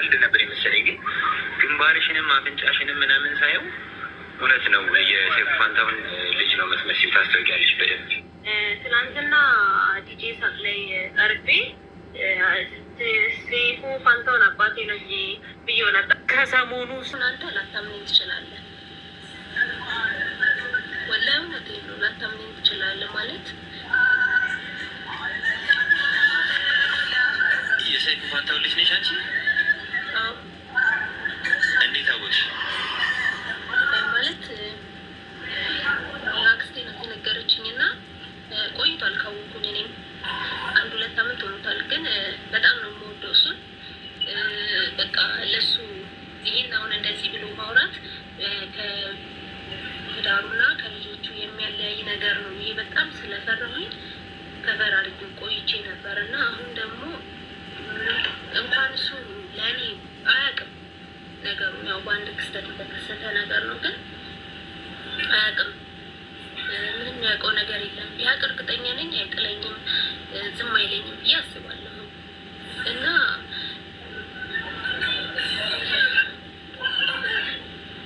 ቀልድ ነበር የመሰለኝ፣ ግን ግንባርሽንም አፍንጫሽንም ምናምን ሳየው እውነት ነው የሴፍ ፋንታውን ልጅ ነው መስመስል ታስታውቂያለሽ በደንብ። ትናንትና ዲጄ ሳት ላይ ጠርቤ ሴፉ ፋንታውን አባቴ ነው ብዬው ነበር። ከሰሞኑ ስናንተ ላታምነኝ ትችላለ፣ ወላሂ እውነት ነው ማለት የሴፉ ፋንታው ልጅ ነሽ አንቺ እንዴት አወቅሽ? ማለት አክስቴ ናት የነገረችኝ እና ቆይቷል ካወኩኝ እኔም አንድ ሁለት አመት ሆኖታል። ግን በጣም ነው የምወደው እሱን በቃ ለሱ ይህን አሁን እንደዚህ ብሎ ማውራት ከዳሩና ከልጆቹ የሚያለያይ ነገር ነው። ይሄ በጣም ስለፈረሙኝ ከፈራርጌ ቆይቼ ነበር እና አሁን ደግሞ የማያውቀው ነገር የለም። ቢያውቅ እርግጠኛ ነኝ አይጥለኝም፣ ዝም አይለኝም ብዬ አስባለሁ እና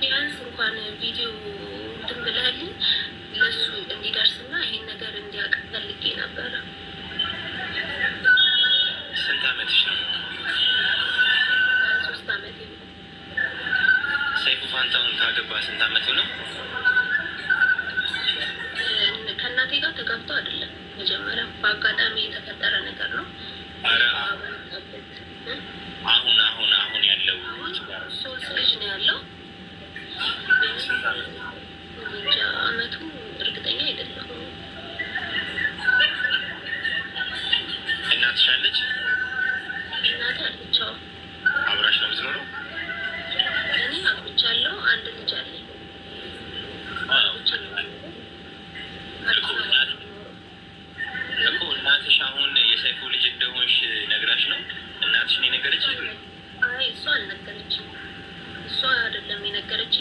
ቢያንስ እንኳን ቪዲዮ እንትን ብላልኝ ለሱ እንዲደርስና ይህን ነገር እንዲያውቅ ፈልጌ ነበረ። ስንት ዓመትሽ ነው? ሶስት ዓመት ነው። ሰይፉ ፋንታውን ካገባ ስንት ዓመቱ ነው? ተከፍቶ አይደለም። መጀመሪያ በአጋጣሚ የተፈጠረ ነገር ነው። አሁን አሁን አሁን ያለው ሶስት ልጅ ነው ያለው። አመቱ እርግጠኛ አይደለም። እናትሻለች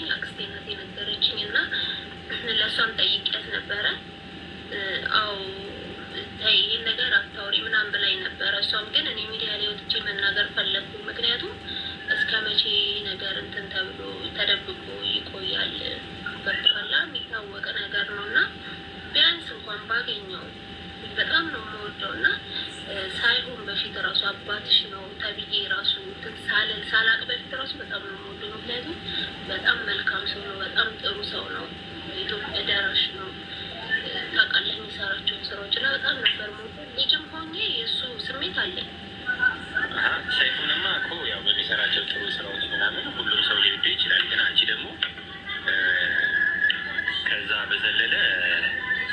የነገረችኝ አክስቴ ናት የነገረችኝ እና ለእሷም ጠይቂያት ነበረ። አዎ ይህን ነገር አታውሪ ምናምን ብላኝ ነበረ። እሷም ግን እኔ ሚዲያ ላይ ወጥቼ መናገር ፈለግኩ። ምክንያቱም እስከ መቼ ነገር እንትን ተብሎ ተደብቆ ይቆያል? ገብቶሃል? የሚታወቅ ነገር ነው እና ቢያንስ እንኳን ባገኘው በጣም ነው የምወደው እና ሳይሆን በፊት ራሱ አባትሽ ነው ተብዬ ራሱ ሳልን ሳላቅበ ስራዎች እና በጣም ነበር ሞ ልጅም ሆኜ የእሱ ስሜት አለ። ሳይሆንማ እኮ ያው በሚሰራቸው ጥሩ ስራዎች ምናምን ሁሉም ሰው ሊወደ ይችላል። ግን አንቺ ደግሞ ከዛ በዘለለ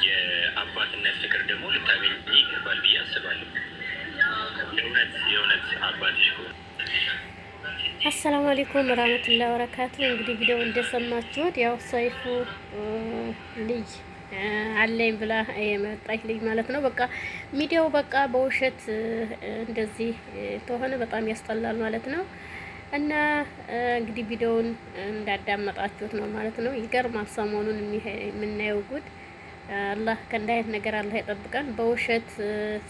የአባትነት ፍቅር ደግሞ ልታገኝ ይገባል ብዬ አስባለሁ። የእውነት የእውነት አባትሽ አሰላሙ አለይኩም ወራህመቱላሂ ወበረካቱ። እንግዲህ ቪዲዮ እንደሰማችሁት ያው ሰይፉ ልጅ አለኝ ብላ የመጣች ልጅ ማለት ነው። በቃ ሚዲያው በቃ በውሸት እንደዚህ ከሆነ በጣም ያስጠላል ማለት ነው። እና እንግዲህ ቪዲዮውን እንዳዳመጣችሁት ነው ማለት ነው። ይገርማል። ሰሞኑን የምናየው ጉድ አላህ ከእንዲህ አይነት ነገር አላህ ይጠብቀን። በውሸት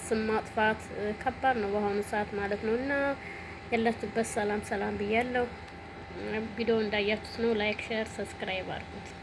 ስም ማጥፋት ከባድ ነው በአሁኑ ሰዓት ማለት ነው። እና ያላችሁበት ሰላም ሰላም ብያለሁ። ቪዲዮ እንዳያችሁት ነው። ላይክ፣ ሼር፣ ሰብስክራይብ አድርጉት።